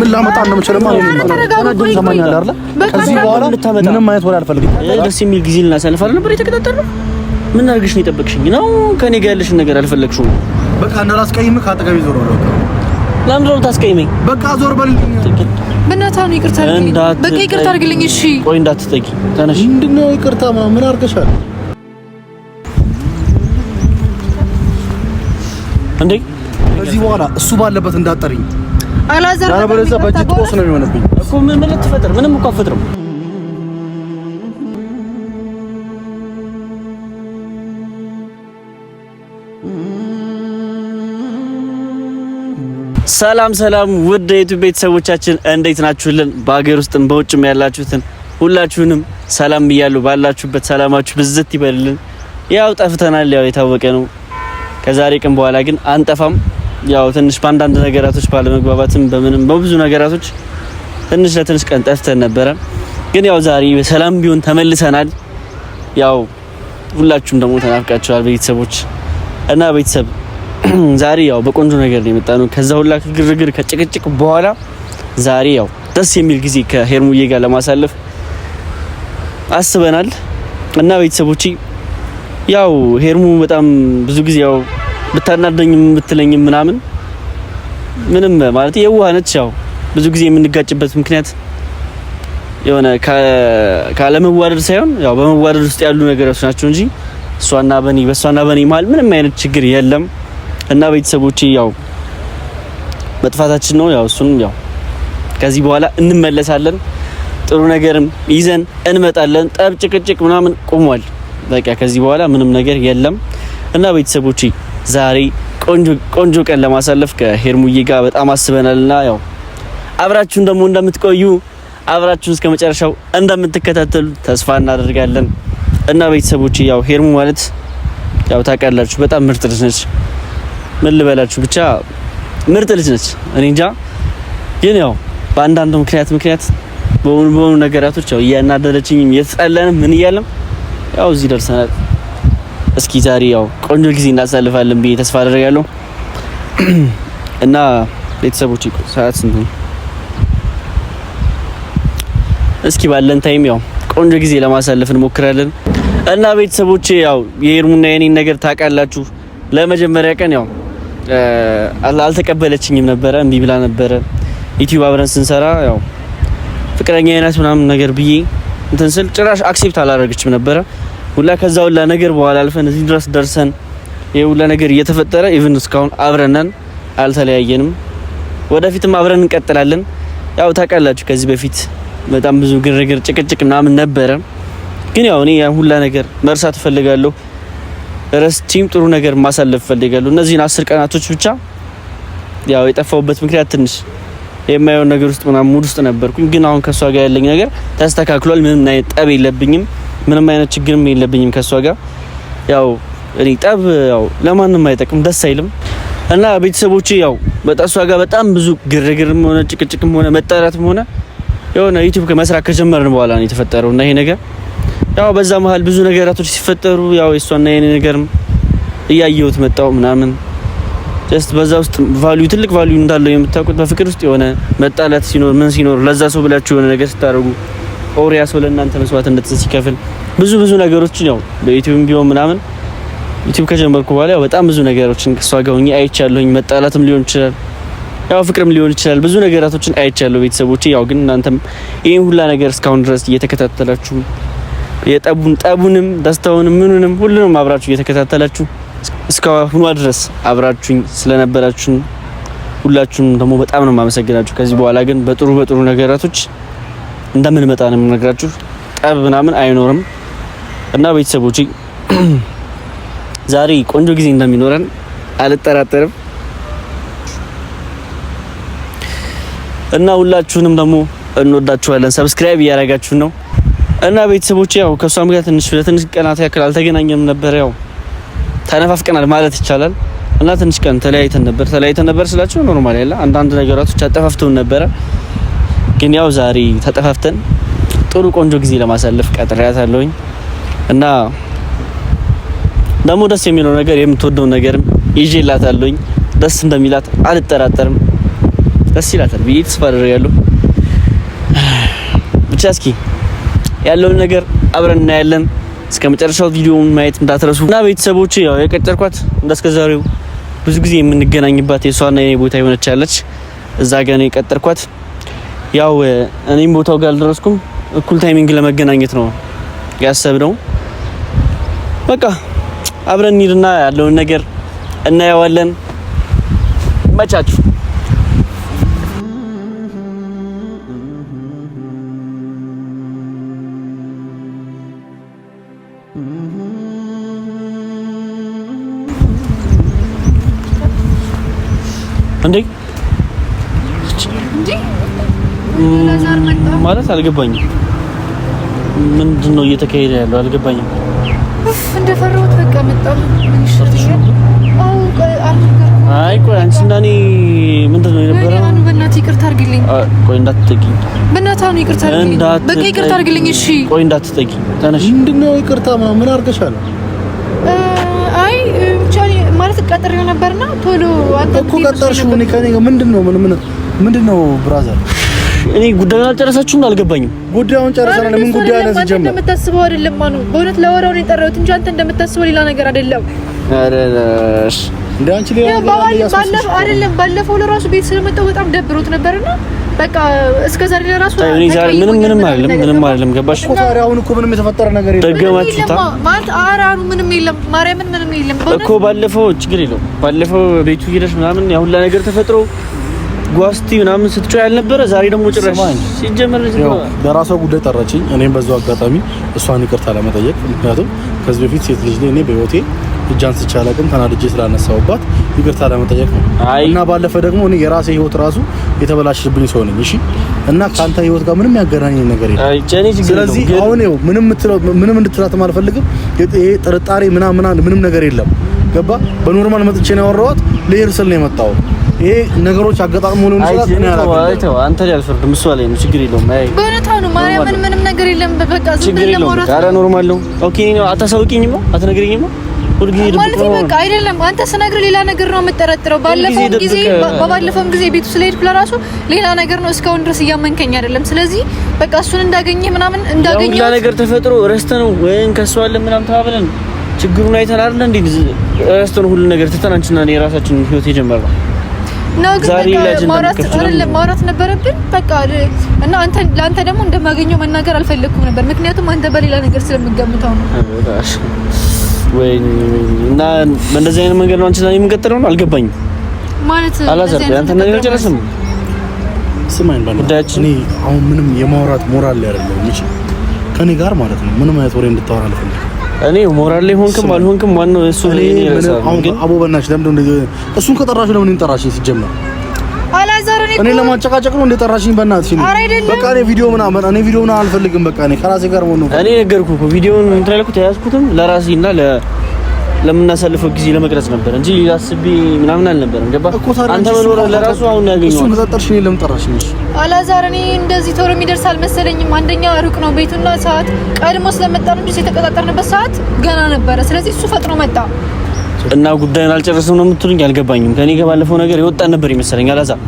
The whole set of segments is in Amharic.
ምን ላመጣ እንደምችል ከዚህ በኋላ ምንም አይነት ወሬ አልፈልግም። ደስ የሚል ጊዜ ልናሳልፍ ነበር የተከታተልነው። ምን አድርግሽ ነው የጠበቅሽኝ? ነው ከኔ ጋር ያለሽን ነገር አልፈለግሽውም። በቃ እንዳላስቀይምህ ከአጠገቤ ዞር በል። ለምንድን ነው ታስቀይመኝ? በቃ ዞር በል። በቃ ይቅርታ አድርግልኝ። እሺ ቆይ እንዳትጠቂ። ተነሽ። ምንድን ነው ይቅርታ? ምን አድርገሻል እንዴ? ከዚህ በኋላ እሱ ባለበት እንዳትጠሪኝ አላዘር አለበለዚያ በእጅ ቆስ ነው የሚሆንብኝ እኮ ምን ምን ልትፈጥር? ምንም እኮ አትፈጥርም። ሰላም ሰላም፣ ውድ የዩቲዩብ ቤተሰቦቻችን እንዴት ናችሁልን? በሀገር ውስጥም በውጭም ያላችሁትን ሁላችሁንም ሰላም ብያለሁ። ባላችሁበት ሰላማችሁ ብዝት ይበልልን። ያው ጠፍተናል፣ ያው የታወቀ ነው። ከዛሬ ቀን በኋላ ግን አንጠፋም። ያው ትንሽ በአንዳንድ ነገራቶች ባለመግባባትም በምንም በብዙ ነገራቶች ትንሽ ለትንሽ ቀን ጠፍተን ነበረ። ግን ያው ዛሬ በሰላም ቢሆን ተመልሰናል። ያው ሁላችሁም ደግሞ ተናፍቃችኋል ቤተሰቦች እና ቤተሰብ ዛሬ ያው በቆንጆ ነገር ነው የመጣነው ከዛ ሁላ ግርግር ከጭቅጭቅ በኋላ ዛሬ ያው ደስ የሚል ጊዜ ከሄርሙዬ ጋር ለማሳለፍ አስበናል እና ቤተሰቦች ያው ሄርሙ በጣም ብዙ ጊዜ ያው ብታናደኝም ብትለኝም ምናምን ምንም ማለት የዋህ ነች። ያው ብዙ ጊዜ የምንጋጭበት ምክንያት የሆነ ካለመዋደድ ሳይሆን ያው በመዋደድ ውስጥ ያሉ ነገሮች ናቸው እንጂ እሷና በኔ በእሷና በኔ መሀል ምንም አይነት ችግር የለም። እና ቤተሰቦቼ ያው መጥፋታችን ነው ያው እሱን ያው ከዚህ በኋላ እንመለሳለን። ጥሩ ነገርም ይዘን እንመጣለን። ጠብ ጭቅጭቅ ምናምን ቆሟል። በቃ ከዚህ በኋላ ምንም ነገር የለም እና ቤተሰቦቼ ዛሬ ቆንጆ ቆንጆ ቀን ለማሳለፍ ከሄርሙዬ ጋር በጣም አስበናልና ያው አብራችሁን ደግሞ እንደምትቆዩ አብራችሁን እስከ መጨረሻው እንደምትከታተሉ ተስፋ እናደርጋለን። እና ቤተሰቦች ያው ሄርሙ ማለት ያው ታውቃላችሁ በጣም ምርጥ ልጅ ነች። ምን ልበላችሁ ብቻ ምርጥ ልጅ ነች። እኔ እንጃ ግን ያው በአንዳንድ ምክንያት ምክንያት በሆኑ በሆኑ ነገራቶች ያው እያናደደችኝም እየተጣላንም ምን እያለም ያው እዚህ ደርሰናል። እስኪ ዛሬ ያው ቆንጆ ጊዜ እናሳልፋለን ብዬ ተስፋ አደርጋለሁ እና ቤተሰቦች ሰዓት ስንት ነው? እስኪ ባለን ታይም ያው ቆንጆ ጊዜ ለማሳለፍ እንሞክራለን እና ቤተሰቦቼ ያው የሄርሙና የኔን ነገር ታውቃላችሁ። ለመጀመሪያ ቀን ያው አልተቀበለችኝም ነበረ፣ እምቢ ብላ ነበረ። ዩቲዩብ አብረን ስንሰራ ያው ፍቅረኛ አይነት ምናምን ነገር ብዬ እንትን ስል ጭራሽ አክሴፕት አላደረገችም ነበረ። ሁላ ከዛ ሁላ ነገር በኋላ አልፈን እዚህ ድረስ ደርሰን ይሄ ሁላ ነገር እየተፈጠረ ኢቭን እስካሁን አብረናን አልተለያየንም። ወደፊትም አብረን እንቀጥላለን። ያው ታውቃላችሁ ከዚህ በፊት በጣም ብዙ ግርግር፣ ጭቅጭቅ ምናምን ነበረ። ግን ያው እኔ ያን ሁላ ነገር መርሳት እፈልጋለሁ። ረስቲም ጥሩ ነገር ማሳለፍ እፈልጋለሁ። እነዚህን አስር ቀናቶች ብቻ ያው የጠፋውበት ምክንያት ትንሽ የማየውን ነገር ውስጥ ምናምን ሙድ ውስጥ ነበርኩኝ። ግን አሁን ከሷ ጋር ያለኝ ነገር ተስተካክሏል። ምንም አይነት ጠብ የለብኝም። ምንም አይነት ችግርም የለብኝም ከእሷ ጋር። ያው እኔ ጠብ ያው ለማንም አይጠቅም ደስ አይልም እና ቤተሰቦቼ ያው በጣም ጋር በጣም ብዙ ግርግርም ሆነ ጭቅጭቅም ሆነ መጠራትም ሆነ የሆነ ዩቲዩብ ከመስራት ከጀመርን በኋላ ነው የተፈጠረው እና ይሄ ነገር ያው በዛ መሀል ብዙ ነገራቶች ሲፈጠሩ ያው የእሷና የኔ ነገርም እያየሁት መጣው ምናምን ጀስት በዛ ውስጥ ቫልዩ ትልቅ ቫልዩ እንዳለው የምታውቁት በፍቅር ውስጥ የሆነ መጣላት ሲኖር ምን ሲኖር ለዛ ሰው ብላችሁ የሆነ ነገር ስታደርጉ ኦሪያ ሰው ለእናንተ መስዋዕትነት ሲከፍል ብዙ ብዙ ነገሮች ነው በዩቲዩብም ቢሆን ምናምን ዩቲዩብ ከጀመርኩ በኋላ በጣም ብዙ ነገሮችን ከሷ ጋር ሆኜ አይቻለሁኝ። መጣላትም ሊሆን ይችላል፣ ያው ፍቅርም ሊሆን ይችላል። ብዙ ነገራቶችን አይቻለሁ ቤተሰቦቼ። ያው ግን እናንተም ይሄን ሁላ ነገር እስካሁን ድረስ እየተከታተላችሁ የጠቡን ጠቡንም ደስታውንም ምኑንም ሁሉንም አብራችሁ እየተከታተላችሁ እስካሁኗ ድረስ አብራችሁኝ ስለነበራችሁ ሁላችሁም ደግሞ በጣም ነው የማመሰግናችሁ። ከዚህ በኋላ ግን በጥሩ በጥሩ ነገራቶች እንደምንመጣ ነው የምነግራችሁ። ጠብ ምናምን አይኖርም። እና ቤተሰቦች ዛሬ ቆንጆ ጊዜ እንደሚኖረን አልጠራጠርም እና ሁላችሁንም ደግሞ እንወዳችኋለን። ሰብስክራይብ እያደረጋችሁ ነው እና ቤተሰቦች ያው ከእሷም ጋር ትንሽ ለትንሽ ቀናት ያክል አልተገናኘም ነበር። ያው ተነፋፍቀናል ማለት ይቻላል እና ትንሽ ቀን ተለያይተን ነበር። ተለያይተን ነበር ስላችሁ ኖርማል ያለ አንዳንድ ነገራቶች አጠፋፍተውን ነበረ። ግን ያው ዛሬ ተጠፋፍተን ጥሩ ቆንጆ ጊዜ ለማሳለፍ ቀጥሬያታለሁኝ። እና ደግሞ ደስ የሚለው ነገር የምትወደው ነገርም ይዤላታለሁኝ ደስ እንደሚላት አልጠራጠርም። ደስ ይላታል ብዬ ተስፋ አደርጋለሁ። ብቻ እስኪ ያለውን ነገር አብረን እናያለን። እስከ መጨረሻው ቪዲዮውን ማየት እንዳትረሱ እና ቤተሰቦች፣ ያው የቀጠርኳት እንደስከዛሬው ብዙ ጊዜ የምንገናኝባት የሷና የኔ ቦታ የሆነች ያለች እዛ ጋር ነው የቀጠርኳት። ያው እኔም ቦታው ጋር አልደረስኩም። እኩል ታይሚንግ ለመገናኘት ነው ያሰብነው። በቃ አብረን እንሂድና ያለውን ነገር እናየዋለን። መቻችሁ እንዴ ማለት አልገባኝም። ምንድን ነው እየተካሄደ ያለው? አልገባኝም። ኡፍ እንደፈራሁት በቃ መጣሁ። ምን ይሻለኛል? አይ ቆይ አንቺ እና እኔ ምንድን ነው የነበረው? በእናትህ ይቅርታ አድርግልኝ። ቆይ እንዳትጠጊኝ፣ በእናትህ አሁን ይቅርታ አድርግልኝ። በቃ ይቅርታ አድርግልኝ። እሺ ቆይ እንዳትጠጊኝ። ተነሽ። ምንድን ነው ይቅርታ? ምን አድርገሻል? አይ ብቻ ማለት ቀጥሬው ነበርና ቶሎ አንተ እኮ ቀጠርሽው። እኔ ከእኔ ምንድን ነው? ምን ምን ምንድን ነው ብራዘር እኔ ጉዳዩን አልጨረሳችሁም? አልገባኝም። ጉዳዩን ጨረሰናል። ለምን ጉዳዩ አለ ሲጀምር እንደምታስበው አይደለም። ማኑ በእውነት ለወራው ነው የጠራሁት እንጂ አንተ እንደምታስበው ሌላ ነገር አይደለም። አረሽ እንደ አንቺ ሌላ ነገር አይደለም። ባለፈው ለራሱ ቤት ስለመጣሁ በጣም ደብሮት ነበርና በቃ እስከ ዛሬ ምንም ምንም አይደለም። ምንም አይደለም። ገባሽ? አሁን እኮ ምንም የተፈጠረ ነገር የለም። ደገማችሁ ታ ማለት አራኑ ምንም የለም። ማርያምን ምንም የለም እኮ ባለፈው ችግር የለውም። ባለፈው ቤቱ ሄደሽ ምናምን ያው ሁላ ነገር ተፈጥሮ ጓስቲ ምናምን ስትጮ ያልነበረ ዛሬ ደግሞ ጭራሽ ሲጀመር በራሷ ጉዳይ ጠራችኝ። እኔም በዛው አጋጣሚ እሷን ይቅርታ ለመጠየቅ ምክንያቱም ከዚህ በፊት ሴት ልጅ ላይ እኔ በህይወቴ እጃን አንስቼ ተናድጄ ስላነሳውባት ይቅርታ ለመጠየቅ ነው እና ባለፈ ደግሞ እኔ የራሴ ህይወት ራሱ የተበላሽብኝ ሰው ነኝ። እሺ እና ከአንተ ህይወት ጋር ምንም ያገናኝ ነገር የለም። ስለዚህ አሁን ይኸው ምንም ምንም እንድትላትም አልፈልግም። ይሄ ጥርጣሬ ምናምን ምንም ነገር የለም። ገባ በኖርማል መጥቼ ነው ያወራኋት። ልሄድ ስል ነው የመጣሁት ይሄ ነገሮች አጋጣሚ ሆኖ አንተ ላይ አልፈርድም፣ እሷ ላይ ነው። ችግር የለውም። አይ በእውነታው ነው ምንም ነገር የለም። በቃ ዝም ብለን ማውራት ኧረ ኖርማል ነው። ኦኬ ነው። በቃ አይደለም። አንተ ስነግር ሌላ ነገር ነው የምጠረጥረው። ባለፈው ጊዜ በባለፈው ጊዜ ቤቱ ስለሄድኩ ለራሱ ሌላ ነገር ነው። እስካሁን ድረስ እያመንከኝ አይደለም። ስለዚህ በቃ እሱን እንዳገኘ ምናምን እንዳገኘ ሌላ ነገር ተፈጥሮ ረስተ ነው ምናምን ተባብለን ችግሩን አይተናል። እንዴ ረስተ ነው ሁሉ ነገር ትተናንችና የራሳችን ህይወት የጀመርነው ማውራት ነበረብን በቃ እና ለአንተ ደግሞ እንደማገኘው መናገር አልፈለግኩም ነበር፣ ምክንያቱም አንተ በሌላ ነገር ስለምገምተው ነው። እና በእንደዚህ አይነት መንገድ ነው አንቺ ዛሬ የምንቀጥለው ነው። አልገባኝም ማለት አንተ እኔ አሁን ምንም የማውራት ሞራል ከኔ ጋር ማለት ነው። ምንም አይነት ወሬ እንድታወራ አልፈልግም እኔ ሞራል ላይ ሆንክም አልሆንክም ዋናው እሱ ነው። እኔ አቦ በእናትሽ ለምን እሱን ከጠራሽ ለምን እንጠራሽኝ? ሲጀመር እኔ ለማጨቃጨቅ ነው እንደጠራሽኝ። በእናትሽ ነው በቃ። እኔ ቪዲዮ ምናምን እኔ ቪዲዮ ምናምን አልፈልግም። በቃ እኔ ከራሴ ጋር ነው እኔ ነገርኩህ እኮ ቪዲዮውን እንትን ያልኩት የያዝኩትም ለራሴና ለ ለምናሳልፈው ጊዜ ለመቅረጽ ነበር እንጂ አስቤ ምናምን አልነበረም። ገባ አንተ መኖር ለራሱ አሁን ያገኘው እሱን ከጠርሽ እኔ ለምን ጠራሽ? አላዛር እኔ እንደዚህ ቶሎ የሚደርስ አልመሰለኝም። አንደኛ ሩቅ ነው ቤቱና ሰዓት ቀድሞ ስለመጣ ነው እንጂ የተቀጣጠርንበት ሰዓት ገና ነበረ። ስለዚህ እሱ ፈጥኖ መጣ እና ጉዳዩን አልጨረስም ነው የምትሉኝ? አልገባኝም። ከኔ ከባለፈው ነገር የወጣን ነበር ይመስለኛል አላዛር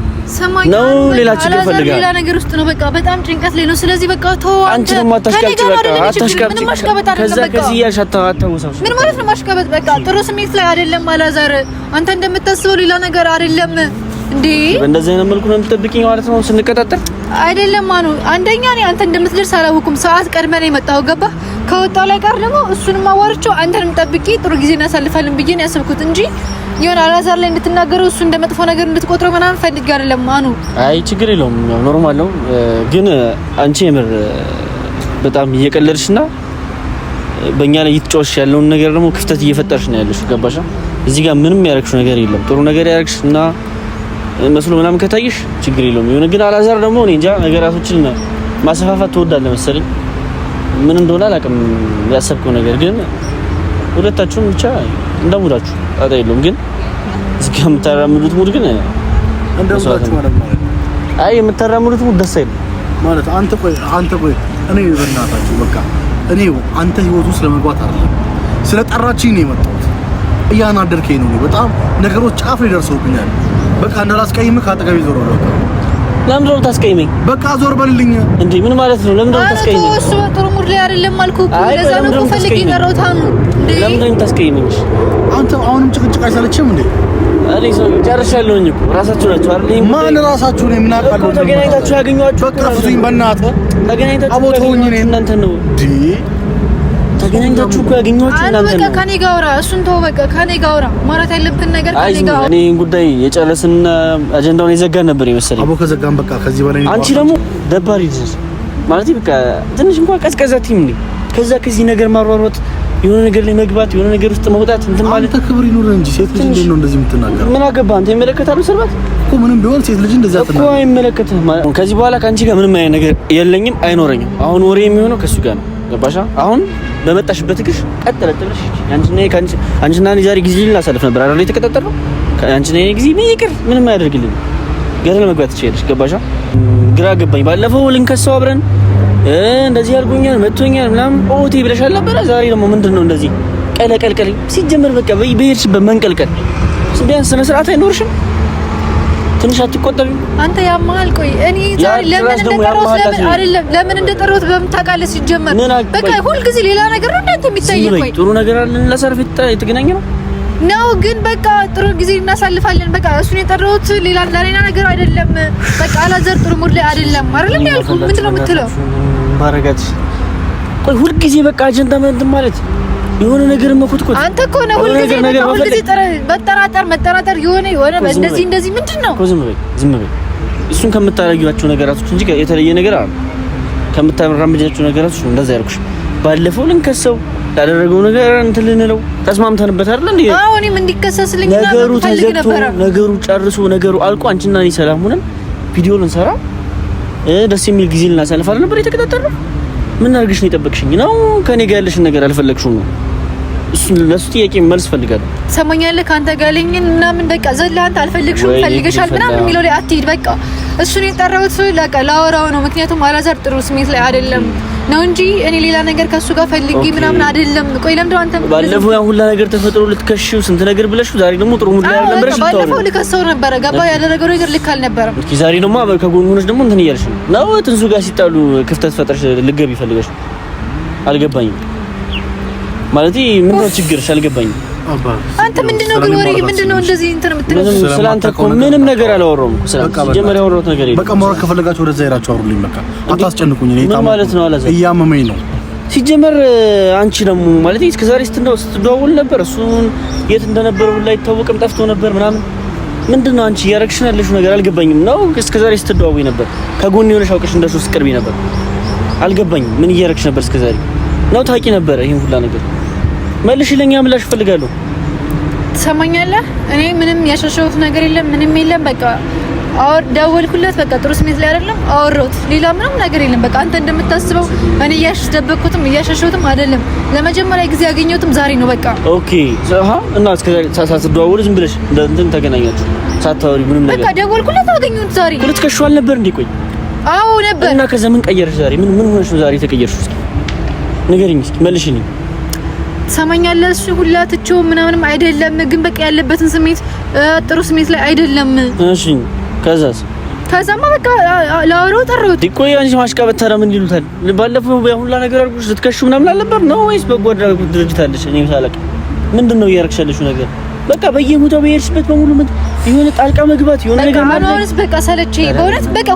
ነው ሌላ ችግር ፈልጋ ሌላ ነገር ውስጥ ነው። በቃ በጣም ጭንቀት ላይ ነው። ስለዚህ በቃ ተው፣ አንቺ ደግሞ አታሽቀብጪ። በቃ አታሽቀብጪ። ከዛ ከዚህ እያልሽ ምን ማለት ነው ማሽቀበጥ? በቃ ጥሩ ስሜት ላይ አይደለም አላዛር። አንተ እንደምታስበው ሌላ ነገር አይደለም። እንዴ በእንደዚህ አይነት መልኩ ነው የምትጠብቂኝ ማለት ነው? ስንቀጣጠር አይደለም ማኑ። አንደኛ እኔ አንተ እንደምትደርስ አላወኩም። ሰዓት ቀድመ ነው የመጣው ገባ። ከወጣው ላይ ቀር ደግሞ እሱንም አዋርቼው አንተንም ጠብቂ ጥሩ ጊዜ እናሳልፋለን ብዬ ነው ያሰብኩት እንጂ የሆነ አላዛር ላይ እንድትናገረው እሱ እንደ መጥፎ ነገር እንድትቆጥረው ምናምን ፈልጌ አይደለም ማኑ። አይ ችግር የለውም ኖርማል ነው። ግን አንቺ የምር በጣም እየቀለድሽና በእኛ ላይ እየተጫወትሽ ያለውን ነገር ደግሞ ክፍተት እየፈጠርሽ ነው ያለሽ። ገባሽ? እዚህ ጋር ምንም ያደረግሽው ነገር የለም። ጥሩ ነገር ያደረግሽ እና መስሎ ምናምን ከታይሽ ችግር የለውም። ይሁን ግን አላዛር ደግሞ እኔ እንጃ ነገራቶችን ማሰፋፋት ትወዳለህ መሰለኝ። ምን እንደሆነ አላውቅም ያሰብከው ነገር ግን ሁለታችሁም ብቻ እንደሙዳችሁ ጣጣ የለውም። ግን እዚህ ጋር የምታራምዱት ሙድ ግን እንደሙዳችሁ ማለት ነው። አይ የምታራምዱት ሙድ ደስ አይልም ማለት አንተ ቆይ አንተ ቆይ እኔ በእናታችሁ በቃ እኔ አንተ ህይወት ውስጥ ለመግባት አይደለም ስለጠራችኝ ነው የመጣሁት። እያናደርከኝ ነው። በጣም ነገሮች ጫፍ ላይ ደርሰውብኛል። በቃ እንዳላስቀይምህ ከአጠገቤ ዞር ብሎ ለምንድን ነው ታስቀይመኝ? በቃ ዞር በልልኝ። እንዴ ምን ማለት ነው? ለምንድን ነው ታስቀይመኝ? እሱ ጥሩ ሙድ ላይ አይደለም አልኩህ። ለዛ ነው ፈልግ ይቀረውታ ነው። ለምንድን ነው ታስቀይመኝ? አንተ አሁንም ጭቅጭቅ አይሰለችም እንዴ? እኔ ሰው ጨርሻለሁኝ እኮ ራሳችሁ ናችሁ አይደል? ማን ራሳችሁ ነው? ምን አውቃለሁ። ተገናኝታችሁ ያገኘኋችሁ በቃ ፍቱኝ፣ በእናትህ ተገናኝታችሁ አቦተውኝ ነው እናንተ ነው እንዴ ተገናኝታችሁ እኮ ያገኘኋችሁ እናንተ ነው። በቃ ከኔ ጋር አውራ፣ እሱን ተው። በቃ ከኔ ጋር አውራ፣ ማውራት ያለብን ነገር ከኔ ጋር አውራ። እኔ ጉዳይ አጀንዳውን የዘጋን ነበር የመሰለኝ። አቦ ከዘጋን በቃ ከዚህ በላይ አንቺ ደግሞ ደባሪ ልጅ ማለት በቃ ትንሽ እንኳን ከዛ ከዚህ ነገር ማሯሯጥ፣ የሆነ ነገር ላይ መግባት፣ የሆነ ነገር ውስጥ መውጣት እንትን ማለት አንተ ክብር ይኑር እንጂ ሴት ልጅ እንዴት ነው እንደዚህ ምን አንተ? ይመለከታል እኮ ምንም ቢሆን ሴት ልጅ እንደዛ እኮ አይመለከትህም። ከዚህ በኋላ ከአንቺ ጋር ምንም አይነት ነገር የለኝም፣ አይኖረኝም። አሁን ወሬ የሚሆነው ጋር ነው። ገባሻ? አሁን በመጣሽበት ግሽ ቀጥ ለጥ አንቺ አንቺና እኔ ዛሬ ጊዜ ልናሳልፍ ነበር አይደል? የተቀጣጠርነው አንቺና እኔ ጊዜ ይቅር፣ ምንም አያደርግልኝ። ገደል መግባት ትችያለሽ። ገባሻ? ግራ ገባኝ። ባለፈው ልንከሰው አብረን እንደዚህ አድርጎኛል መቶኛል ምናምን ኦቴ ብለሽ ነበረ። ዛሬ ደግሞ ምንድን ነው እንደዚህ ቀለቀልቀል ሲጀመር በቃ በሄድሽበት መንቀልቀል ቢያንስ ስነ ስርዓት አይኖርሽም። ትንሽ አትቆጠብ። አንተ ያማል። ቆይ እኔ ዛሬ ለምን እንደጠራሁት ለምን አይደለም ለምን እንደጠራሁት በምን ታውቃለህ? ሲጀመር በቃ ሁልጊዜ ሌላ ነገር ነው እንዳንተ የሚታየው። ቆይ ጥሩ ነገር አለን ለሰርፍ የተገናኘ ነው ነው ግን በቃ ጥሩ ጊዜ እናሳልፋለን። በቃ እሱን የጠራሁት ሌላ ለሌላ ነገር አይደለም። በቃ አላዘር ጥሩ ሙድ ላይ አይደለም አይደል ያልኩህ። ምንድን ነው የምትለው? ባረጋት። ቆይ ሁልጊዜ በቃ አጀንዳ ምን ማለት የሆነ ነገር መኮትኮት አንተ እኮ ነው ሁልጊዜ መጠራጠር መጠራጠር የሆነ የሆነ እንደዚህ እንደዚህ ምንድን ነው? ዝም በይ ዝም በይ። እሱን ከምታረጊያቸው ነገራቶች እንጂ የተለየ ነገር አለ ከምታራምጃቸው ነገራቶች ነው እንደዛ ያልኩሽ። ባለፈው ልንከሰው ያደረገው ነገር እንትን ልንለው ተስማምተንበት አይደል እንዴ? አዎ እኔም እንዲከሰስልኝ ነገሩ ተዘግቶ ነገሩ ጨርሶ ነገሩ አልቆ አንቺና እኔ ሰላም ሆነን ቪዲዮ ልንሰራ ደስ የሚል ጊዜ ልናሳልፍ አለ ነበር የተከታተልነው? ምን አድርግሽ ነው የጠበቅሽኝ? ነው ከኔ ጋር ያለሽን ነገር አልፈለግሽውም ነው ለሱ ጥያቄ መልስ ፈልጋለሁ። ሰሞኛለህ ከአንተ ጋር እና ምን በቃ ዘለህ አንተ አልፈልግሽም ፈልገሻል ምናምን የሚለው ላይ አትሂድ። በቃ እሱን የጠራሁት በቃ ላወራው ነው። ምክንያቱም አላዛር ጥሩ ስሜት ላይ አይደለም ነው እንጂ እኔ ሌላ ነገር ከሱ ጋር ፈልጌ ምናምን አይደለም። ቆይ ለምደው አንተ ባለፈው ያ ሁላ ነገር ተፈጥሮ ልትከሽው ስንት ነገር ብለሽ ዛሬ ደግሞ ጥሩ ሙድ ላይ አይደለም ብለሽ ባለፈው ልከሰው ነበረ። ገባ ያደረገው ነገር ልክ አልነበረም። እስኪ ዛሬ ደግሞ ከጎን ሆነሽ ደግሞ እንትን እያልሽ ነው። ትንሱ ጋር ሲጣሉ ክፍተት ፈጥረሽ ልገብ ይፈልገሽ አልገባኝም ማለት ምንድነው ችግርሽ? አልገባኝም። አንተ ምንድነው ግን ወሬ ምንድነው? እንደዚህ እንትን የምትለው ስለ አንተ እኮ ምንም ነገር አላወራሁም። መጀመሪያ ያወራሁት ነገር የለም። በቃ ማውራት ከፈለጋችሁ ወደዛ ሄዳችሁ አውሩልኝ። በቃ አታስጨንቁኝ። እኔ ታማ ማለት ነው አላዛ እያመመኝ ነው። ሲጀመር አንቺ ደግሞ ማለት እስከ ዛሬ ስትደዋወል ነበር። እሱን የት እንደነበረ ሁላ አይታወቅም። ጠፍቶ ነበር ምናምን ምንድነው አንቺ እያረግሽ ያለሽው ነገር አልገባኝም። ነው እስከ ዛሬ ስትደዋወይ ነበር ከጎን የሆነሽ አውቀሽ እንደሱ ስትቀርቢ ነበር። አልገባኝም። ምን እያረግሽ ነበር? እስከ ዛሬ ነው ታውቂ ነበር ይሄን ሁላ ነገር መልሽ ለኛ ምላሽ እፈልጋለሁ። ትሰማኛለህ? እኔ ምንም ያሻሸሁት ነገር የለም፣ ምንም የለም። በቃ አወር ደወልኩለት። በቃ ጥሩ ስሜት ላይ አይደለም፣ አወራሁት። ሌላ ምንም ነገር የለም። በቃ አንተ እንደምታስበው እኔ እያስደበኩትም እያሻሸሁትም አይደለም። ለመጀመሪያ ጊዜ ያገኘሁትም ዛሬ ነው። በቃ ኦኬ። አሃ። እና እስከ ሳትደዋወሉ ዝም ብለሽ እንትን ተገናኛችሁ ሳታወሪ ምንም ነገር በቃ ደወልኩለት፣ አገኘሁት ዛሬ። ሁለት ከሽዋል ነበር እንዴ? ቆይ አዎ ነበር። እና ከዛ ምን ቀየርሽ ዛሬ? ምን ምን ሆነሽ ዛሬ ተቀየርሽ? እስኪ ንገሪኝ፣ እስኪ መልሽልኝ ትሰማኛለሽ? ሁላ ትቼው ምናምንም አይደለም፣ ግን በቃ ያለበትን ስሜት ጥሩ ስሜት ላይ አይደለም። እሺ ከዛስ? ከዛማ በቃ ላወራው ጠራሁት። ቆይ አንቺ ማሽቃበጥ ታዲያ ምን ይሉታል? ባለፈው ሁላ ነገር አድርጎሽ ልትከሺው ምናምን አልነበር ነው ወይስ በጎ አድራጎት ድርጅት አለሽ? እኔ ሳላቅ ምንድን ነው እያደረግሽ ያለሽው ነገር? በቃ በየቦታው በየሄድሽበት በሙሉ ምን የሆነ ጣልቃ መግባት የሆነ ነገር ማለት ነው። በቃ ሰለቼ በእውነት በቃ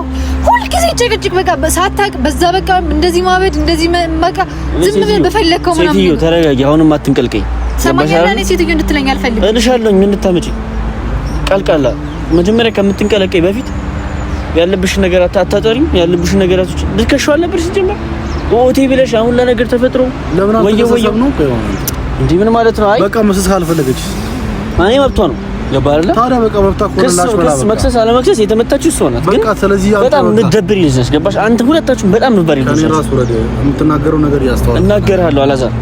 ጊዜ ጭቅጭቅ በቃ ሳታውቅ በዛ በቃ እንደዚህ ማበድ እንደዚህ በቃ ዝም ብለህ በፈለከው ምናምን። ሴትዮ ተረጋጊ፣ አሁንም አትንቀልቀኝ። ሰማኛላ እኔ ሴትዮ እንድትለኝ አልፈልግም እልሻለሁ። እንድታመጪ ቀልቃላ መጀመሪያ ከምትንቀለቀኝ በፊት ያለብሽ ነገር አታጠሪም። ያለብሽ ነገራቶች ልትከሽው አለብሽ። ሲጀመር ኦቴ ብለሽ አሁን ለነገር ተፈጥሮ ለምን ወየው ነው እንዴ? ምን ማለት ነው? አይ በቃ መስስ ካልፈለገች እኔ መብቷ ነው መክሰስ አለመክሰስ የተመታችሁ እሷ ናት። ግን በጣም የምትደብር ልጅ ነች። ገባሽ? አንተ ሁለታችሁም በጣም የምትበር እናገርሃለሁ፣ አላዛር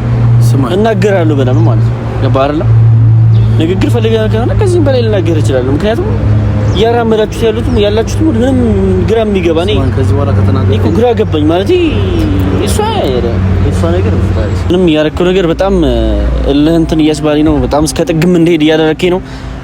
እናገርሃለሁ በጣም ማለት ነው። ገባህ ንግግር ፈልገህ ከሆነ ከዚህም በላይ ልናገር እችላለሁ። ምክንያቱም እያራመዳችሁት ያሉት ያላችሁት ምንም ግራ የሚገባ ግራ ገባኝ ማለት እሷ ምንም ያረከው ነገር በጣም እልህ እንትን እያስባለኝ ነው። በጣም እስከ ጥግም እንደሄድ እያደረከኝ ነው።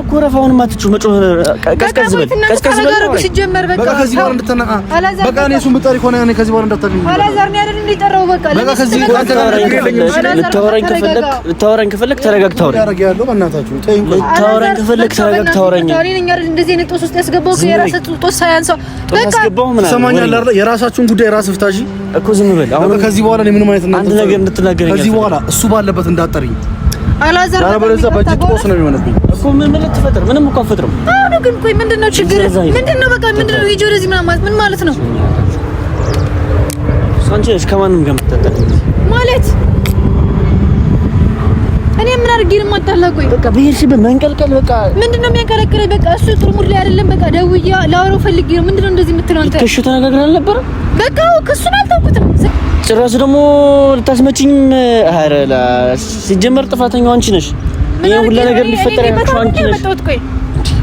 እኮ ረፋውን ማትቹ መጮ ቀስቀስ በል ቀስቀስ በል ነው ሲጀመር። በቃ ከዚህ በኋላ እንድትነቃ በቃ እኔ እሱን ብጠሪ ከሆነ እኔ ከዚህ በኋላ እንዳታገኝ። አላዛር ነው አይደል እንዲጠራው። በቃ አይደል እንደዚህ ውስጥ በቃ የራሳችሁን ጉዳይ ራስ ፍታሽ እኮ ዝም በል። አሁን ከዚህ በኋላ እኔ ምንም አይነት አንድ ነገር እንድትናገረኝ ከዚህ በኋላ እሱ ባለበት እንዳትጠሪኝ አላዛር በእጅ ቆስ ነው የሚሆንብኝ እኮ ምን ምን ልትፈጥር ምንም እኮ አትፈጥርም። አሁን ግን ቆይ ችግር በቃ ሂጂ ወደዚህ ምናምን ማለት ምን ማለት ነው? እስከ ማንም ጋር ማለት እኔ ምን አድርጌ ነው በቃ በሄድሽበት መንቀልቀል በቃ የሚያንቀለቅለኝ? በቃ እሱ ጥሩ ሙድ ላይ አይደለም። በቃ ደውዬ ላወራው ፈልጌ ነው። ምንድነው እንደዚህ የምትለው አንተ? ተነጋግረን አልነበረም? በቃ ጭራሽ ደግሞ ልታስመችኝ። ኧረ ሲጀመር ጥፋተኛው አንቺ ነሽ። ይሄ ሁላ ነገር ሊፈጠር ያልኩሽ አንቺ ነሽ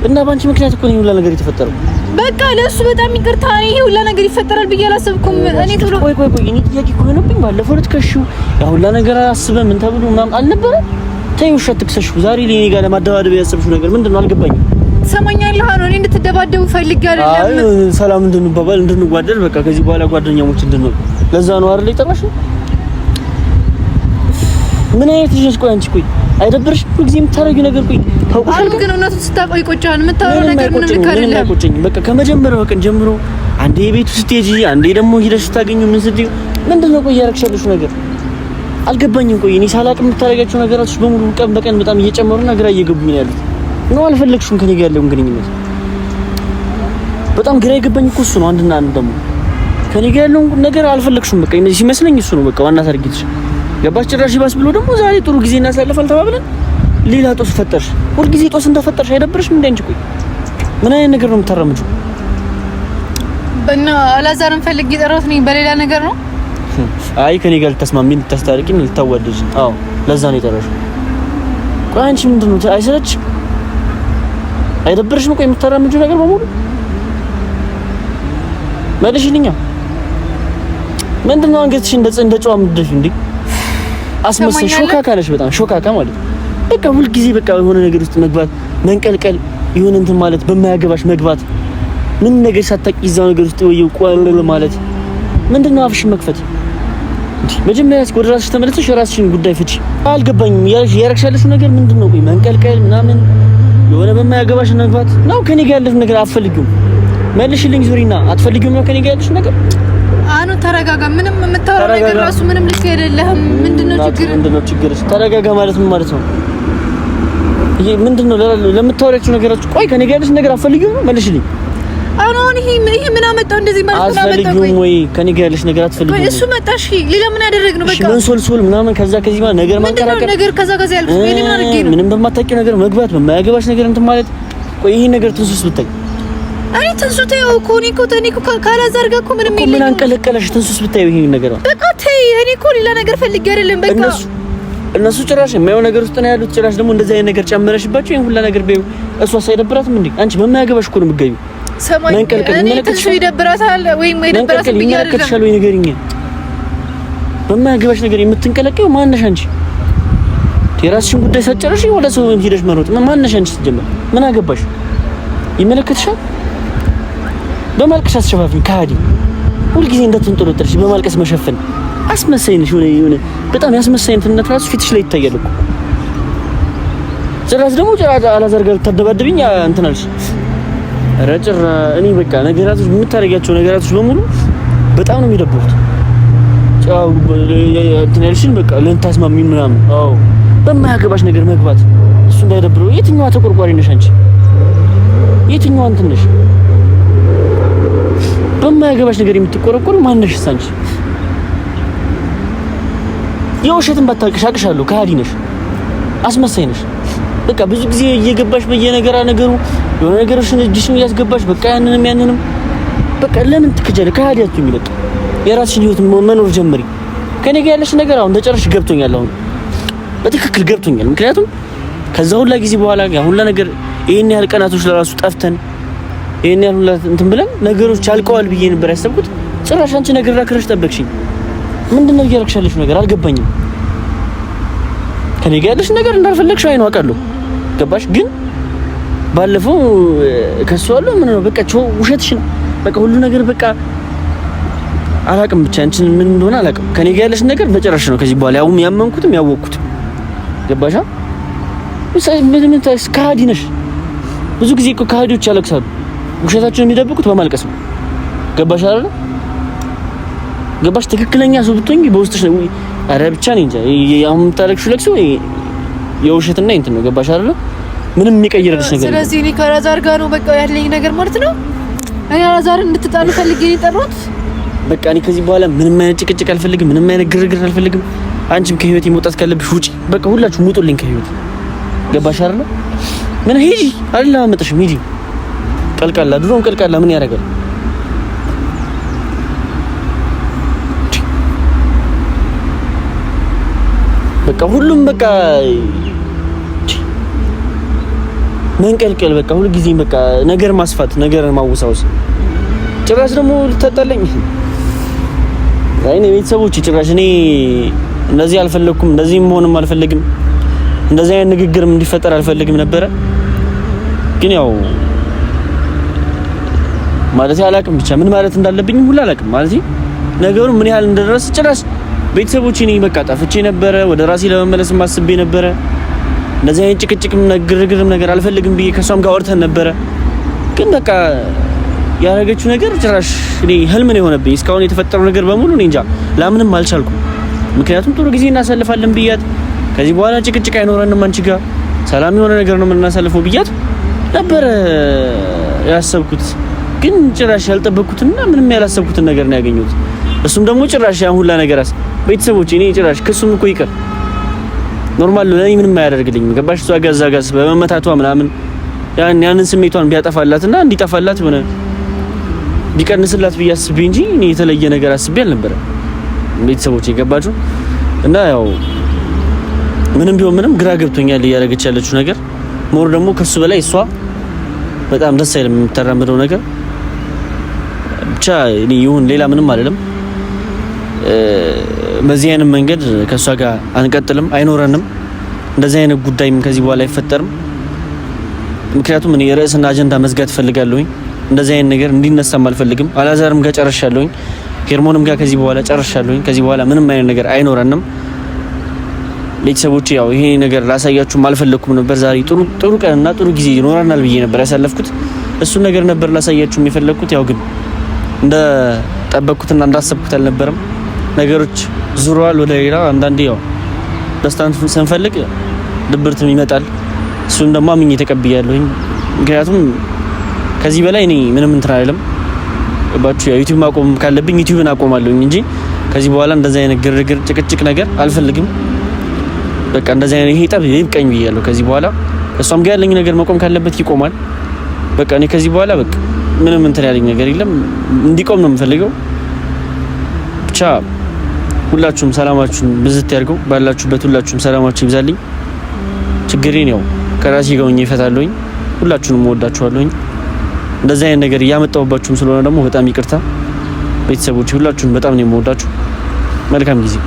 እና በአንቺ ምክንያት እኮ ነው ሁላ ነገር የተፈጠረው። በቃ ለእሱ በጣም ይቅርታ። ይሄ ሁላ ነገር ይፈጠራል ብዬ አላሰብኩም። እኔ ተብሎ ቆይ ቆይ ቆይ፣ እኔ ጥያቄ እኮ ሆነብኝ። ባለፈው ልትከሺው ያ ሁላ ነገር አስበህ ምን ተብሎ ምናምን አልነበረ? ተይው፣ እሺ፣ አትክሰሺው። ዛሬ ለኔ ጋር ለማደባደብ ያሰብሽው ነገር ምንድን ነው? አልገባኝም። ትሰማኛለህ? አሁን እኔ እንድትደባደቡ ፈልጌ አይደለም። ሰላም እንድንባባል እንድንጓደል፣ በቃ ከዚህ በኋላ ጓደኛሞች እንድንሆን ለዛ ነው አይደል የጠራሽ? ምን አይነት ልጅ ቆይ አንቺ ቆይ አይደብርሽ? ሁልጊዜ የምታረጊው ነገር ቆይ ታውቁሻል። ግን እውነቱን ስታቆይ ቆጫን የምታወራው ነገር ምንም ልክ አይደለም። አይቆጨኝም። በቃ ከመጀመሪያው ቀን ጀምሮ አንዴ የቤቱ ስትሄጂ፣ አንዴ ደግሞ ሂደሽ ስታገኙ ምን ስትይ ምንድን ነው ቆይ ያረክሻለሽ ነገር አልገባኝም። ቆይ እኔ ሳላቅም የምታደርጋቸው ነገራቶች በሙሉ ቀን በቀን በጣም እየጨመሩና ግራ እየገቡኝ ነው ያሉት። ነው አልፈለግሽም ከኔ ጋር ያለውን ግንኙነት በጣም ግራ የገባኝ እኮ እሱ ነው። አንድና አንድ ደግሞ ከኔ ጋር ያለውን ነገር አልፈለግሽም። በቃ ሲመስለኝ እሱ ነው በቃ ዋና ታርጌትሽ። ገባሽ? ጭራሽ ይባስ ብሎ ደግሞ ዛሬ ጥሩ ጊዜ እናሳልፋል ተባብለን ሌላ ጦስ ፈጠርሽ። ሁልጊዜ ጦስን ተፈጠርሽ። አይደብርሽም? እንደ አንቺ ቆይ ምን አይነት ነገር ነው የምታራምጁ? በእና አላዛርን ፈልግ ጠራሁት ነኝ በሌላ ነገር ነው። አይ ከኔ ጋር ልታስማሚ፣ ልታስታርቂኝ፣ ልታዋደጂ። አዎ ለዛ ነው የጠራሽው። ቆይ አንቺ ምንድን ነው አይሰለችም? አይደብርሽም? ቆይ የምታራምጁ ነገር በሙሉ መልሽልኛ። ምንድን ነው አንገትሽ እንደ እንደ ጨዋ ምድርሽ እንዴ? አስመሰል ሾካካ ነሽ፣ በጣም ሾካካ ማለት ነው። በቃ ሁልጊዜ በቃ የሆነ ነገር ውስጥ መግባት መንቀልቀል፣ የሆነ እንትን ማለት በማያገባሽ መግባት፣ ምን ነገር ሳታቂ እዛው ነገር ውስጥ ወይ ቆልል ማለት ምንድን ነው አፍሽን መክፈት መጀመሪያ እስኪ ወደ ራስሽ ተመለስሽ፣ የራስሽን ጉዳይ ፍቺ። አልገባኝም ያረግሻለሽ ነገር ምንድን ነው? ቆይ መንቀልቀል ምናምን የሆነ በማያገባሽ መግባት ነው። ከኔ ጋር ያለሽ ነገር አትፈልጊውም? መልሽልኝ ዙሪና። አትፈልጊውም ነው ከኔ ጋር ያለሽ ነገር አኑ ተረጋጋ። ምንም የምታወራው ነገር ራሱ ምንም ልክ አይደለህም። ምንድነው ችግር? ምንድነው ችግር? ተረጋጋ ማለት ምን ማለት ነው? ይሄ ምንድነው? ለምታወራችሁ ነገራችሁ ቆይ ከኔ ጋር ያለሽ ነገር አትፈልጊውም መልሽልኝ። አኑ ይሄ ይሄ ምን አመጣው? እንደዚህ ማለት ምን አመጣው? አትፈልጊውም ወይ ከኔ ጋር ያለሽ ነገር አትፈልጊውም? እሱ መጣሽ፣ ሌላ ምን ነው? በቃ ምን ሶልሶል ምናምን ከዛ ከዚህ ማለት ነገር ማንቀራቀር ነገር ከዛ ከዚህ ያልኩት እኔ ምን አድርጌ ነው? ምንም በማታውቂው ነገር መግባት፣ በማያገባሽ ነገር እንትን ማለት ቆይ ይሄ ነገር ትንሱስ ብታይ አሬ ትንሱ ተይው እኮ እኔ እኮ እኔ እኮ ካላዛር ጋር እኮ ምንም የለኝም። ምን አንቀለቀለሽ? ትንሱስ ብታዪው ይሄን ነገር በቃ ተይ። እኔ እኮ ሌላ ነገር ፈልጌ አይደለም። በቃ እነሱ እነሱ ጭራሽ የማየው ነገር ውስጥ ነው ያሉት። ጭራሽ ደግሞ እንደዚህ አይነት ነገር ጨመረሽባቸው። ይሄን ሁላ ነገር በይው። እሷ ሳይደብራትም እንዴ? አንቺ በማያገባሽ እኮ ነው የምትገቢው። ሰማኝ። እኔ ትንሱ ይደብራታል ወይም ይደብራታል ብዬሽ አይደለም። ንገሪኝ። በማያገባሽ ነገር የምትንቀለቀው ማነሽ አንቺ? የራስሽን ጉዳይ ሳጨረሽ ወደ ሰው ሄደሽ መሮጥ ማነሽ አንቺ? ስትጀምር ምን አገባሽ? ይመለከትሻል በማልቀስ አትሸፋፍኝ ከሃዲ። ሁልጊዜ እንደተንጠለጠልሽ በማልቀስ መሸፈን አስመሳይ ነሽ። ሆነ የሆነ በጣም ያስመሳይ እንትነት ራሱ ፊትሽ ላይ ይታያል እኮ። ጭራሽ ደግሞ ጭራሽ አላዛር ጋር ብታደባደብኝ እንትን አልሽ። ኧረ ጭራሽ እኔ በቃ ነገራቶች የምታደርጊያቸው ነገራቶች በሙሉ በጣም ነው የሚደብሩት። ጫው እንትን ያልሽን በቃ ልንታስማሚ ምናምን። አዎ በማያገባሽ ነገር መግባት እሱ እንዳይደብረው። የትኛዋ ተቆርቋሪ ነሽ አንቺ? የትኛዋ እንትን ነሽ? በማያገባሽ ነገር የምትቆረቆር ማነሽ? ሳንቺ የውሸትን ባታቀሻቅሻለሁ። ከሃዲ ነሽ፣ አስመሳይ ነሽ። በቃ ብዙ ጊዜ እየገባሽ በየነገራ ነገሩ የሆነ ነገሮችን እጅሽን እያስገባሽ በቃ ያንንም ያንንም በቃ ለምን ትክጃለሽ? ከሃዲ አትሁኚ። በቃ የራስሽን ህይወት መኖር ጀምሪ። ከኔ ጋር ያለሽ ነገር አሁን ተጨረሽ ገብቶኛል። አሁን በትክክል ገብቶኛል። ምክንያቱም ከዛ ሁላ ጊዜ በኋላ ሁላ ነገር ይህን ያህል ቀናቶች ለራሱ ጠፍተን ይሄን ያህል እንትን ብለን ነገሮች አልቀዋል ብዬ ነበር ያሰብኩት። ጭራሽ አንቺ ነገር ላክረሽ ጠበቅሽኝ። ምንድነው ነው ነገር አልገባኝም። ከኔ ጋር ያለሽ ነገር እንዳልፈለግሽ አይኑ አውቃለሁ። ገባሽ? ግን ባለፈው ከሱ አለው ምን ነው በቃ ውሸትሽ ነው በቃ ሁሉ ነገር በቃ አላቅም። ብቻ አንቺን ምን እንደሆነ አላቅም። ከኔ ጋር ያለሽ ነገር በጭራሽ ነው ከዚህ በኋላ ያውም ያመንኩትም ያወቅኩትም። ገባሻ? ከሀዲ ነሽ። ብዙ ጊዜ እኮ ከሀዲዎች ያለቅሳሉ። ውሸታችን የሚደብቁት በማልቀስ ነው። ገባሽ አይደል? ገባሽ? ትክክለኛ ሰው ብትሆኚ በውስጥሽ ነው። አረ ብቻ ነኝ እንጃ። አሁን የምታለቅሺው ለቅሶ የውሸትና እንትን ነው። ገባሽ አይደል? ምንም የሚቀይርልሽ ነገር ስለዚህ እኔ ከአላዛር ጋር ነው በቃ ያለኝ ነገር ማለት ነው። እኔ አላዛርን እንድትጣሉ ፈልጌ ነው በቃ እኔ ከዚህ በኋላ ምንም አይነት ጭቅጭቅ አልፈልግም። ምንም አይነት ግርግር አልፈልግም። አንቺም ከህይወት መውጣት ካለብሽ ውጪ። በቃ ሁላችሁ ሙጡልኝ ከህይወት ገባሽ አይደል? ምን ሂጂ አላመጣሽም ሂጂ ቀልቀላ ድሮም ቀልቀላ ምን ያደርጋል? በቃ ሁሉም በቃ መንቀልቀል በቃ ሁልጊዜ በቃ ነገር ማስፋት ነገር ማውሳውስ። ጭራሽ ደግሞ ልታጣለኝ። አይ እኔ ቤተሰቦች ጭራሽ እኔ እንደዚህ አልፈለኩም፣ እንደዚህ መሆንም አልፈልግም፣ እንደዚህ አይነት ንግግርም እንዲፈጠር አልፈልግም ነበረ ግን ያው ማለት አላቅም፣ ብቻ ምን ማለት እንዳለብኝ ሁላ አላቅም። ማለት ነገሩ ምን ያህል እንደደረስ ጭራሽ ቤተሰቦች እኔ በቃ ጠፍቼ ነበረ፣ ወደ ራሴ ለመመለስ ማስቤ ነበረ። እንደዚህ አይነት ጭቅጭቅም ግርግርም ነገር አልፈልግም ብዬ ከሷም ጋር ወርተን ነበረ። ግን በቃ ያደረገችው ነገር ጭራሽ እኔ ህልም ነው የሆነብኝ። እስካሁን የተፈጠረው ነገር በሙሉ እኔ እንጃ ላምንም አልቻልኩም። ምክንያቱም ጥሩ ጊዜ እናሳልፋለን ብያት ከዚህ በኋላ ጭቅጭቅ አይኖረንም አንቺ ጋር ሰላም የሆነ ነገር ነው የምናሳልፈው ብያት ነበረ ያሰብኩት። ግን ጭራሽ ያልጠበቅኩትና ምንም ያላሰብኩትን ነገር ነው ያገኘሁት። እሱም ደግሞ ጭራሽ ያን ሁላ ነገር አስ ቤተሰቦች እኔ ጭራሽ ክሱም እኮ ይቅር ኖርማል ነው ለኔ ምንም አያደርግልኝም። ገባሽ እሷ ጋዛ ጋዝ በመመታቷ ምናምን ያን ያንን ስሜቷን ቢያጠፋላትና እንዲጠፋላት ሆነ ቢቀንስላት ብዬ አስቤ እንጂ እኔ የተለየ ነገር አስቤ አልነበረም። ቤተሰቦች የገባችሁ እና ያው ምንም ቢሆን ምንም ግራ ገብቶኛል እያደረገች ያለችው ነገር ሞር ደግሞ ከሱ በላይ እሷ በጣም ደስ አይልም የምታራምደው ነገር ብቻ እኔ ይሁን ሌላ ምንም አይደለም። በዚህ አይነት መንገድ ከእሷ ጋር አንቀጥልም፣ አይኖረንም። እንደዚህ አይነት ጉዳይም ከዚህ በኋላ አይፈጠርም። ምክንያቱም እኔ የርዕስና አጀንዳ መዝጋት ፈልጋለሁኝ። እንደዚህ አይነት ነገር እንዲነሳም አልፈልግም። አላዛርም ጋር ጨርሻለሁኝ፣ ሄርሞንም ጋር ከዚህ በኋላ ጨርሻለሁኝ። ከዚህ በኋላ ምንም አይነት ነገር አይኖረንም። ቤተሰቦች ያው ይሄ ነገር ላሳያችሁም አልፈለግኩም ነበር። ዛሬ ጥሩ ጥሩ ቀንና ጥሩ ጊዜ ይኖረናል ብዬ ነበር ያሳለፍኩት። እሱን ነገር ነበር ላሳያችሁም የፈለግኩት ያው ግን እንደ ጠበቅኩትና እንዳሰብኩት አልነበረም። ነገሮች ዙረዋል ወደ ሌላ። አንዳንዴ ያው ደስታን ስንፈልግ ድብርትም ይመጣል። እሱም ደግሞ አምኜ ተቀብያለሁኝ። ምክንያቱም ከዚህ በላይ እኔ ምንም እንትን አይደለም ባችሁ ዩቲዩብ ማቆም ካለብኝ ዩቲዩብን አቆማለሁኝ እንጂ ከዚህ በኋላ እንደዚህ አይነት ግርግር፣ ጭቅጭቅ ነገር አልፈልግም። በቃ እንደዚህ አይነት ይሄ ጠብ ይብቀኝ ብያለሁ። ከዚህ በኋላ እሷም ጋር ያለኝ ነገር መቆም ካለበት ይቆማል። በቃ እኔ ከዚህ በኋላ በቃ ምንም እንትን ያለኝ ነገር የለም። እንዲቆም ነው የምፈልገው። ብቻ ሁላችሁም ሰላማችሁን ብዝት ያድርገው። ባላችሁበት ሁላችሁም ሰላማችሁ ይብዛልኝ። ችግሬን ያው ከራሴ ጋር ሆኜ እፈታለሁኝ። ሁላችሁንም እወዳችኋለሁኝ። እንደዚህ አይነት ነገር እያመጣሁባችሁም ስለሆነ ደግሞ በጣም ይቅርታ ቤተሰቦች፣ ሁላችሁም በጣም ነው የምወዳችሁ። መልካም ጊዜ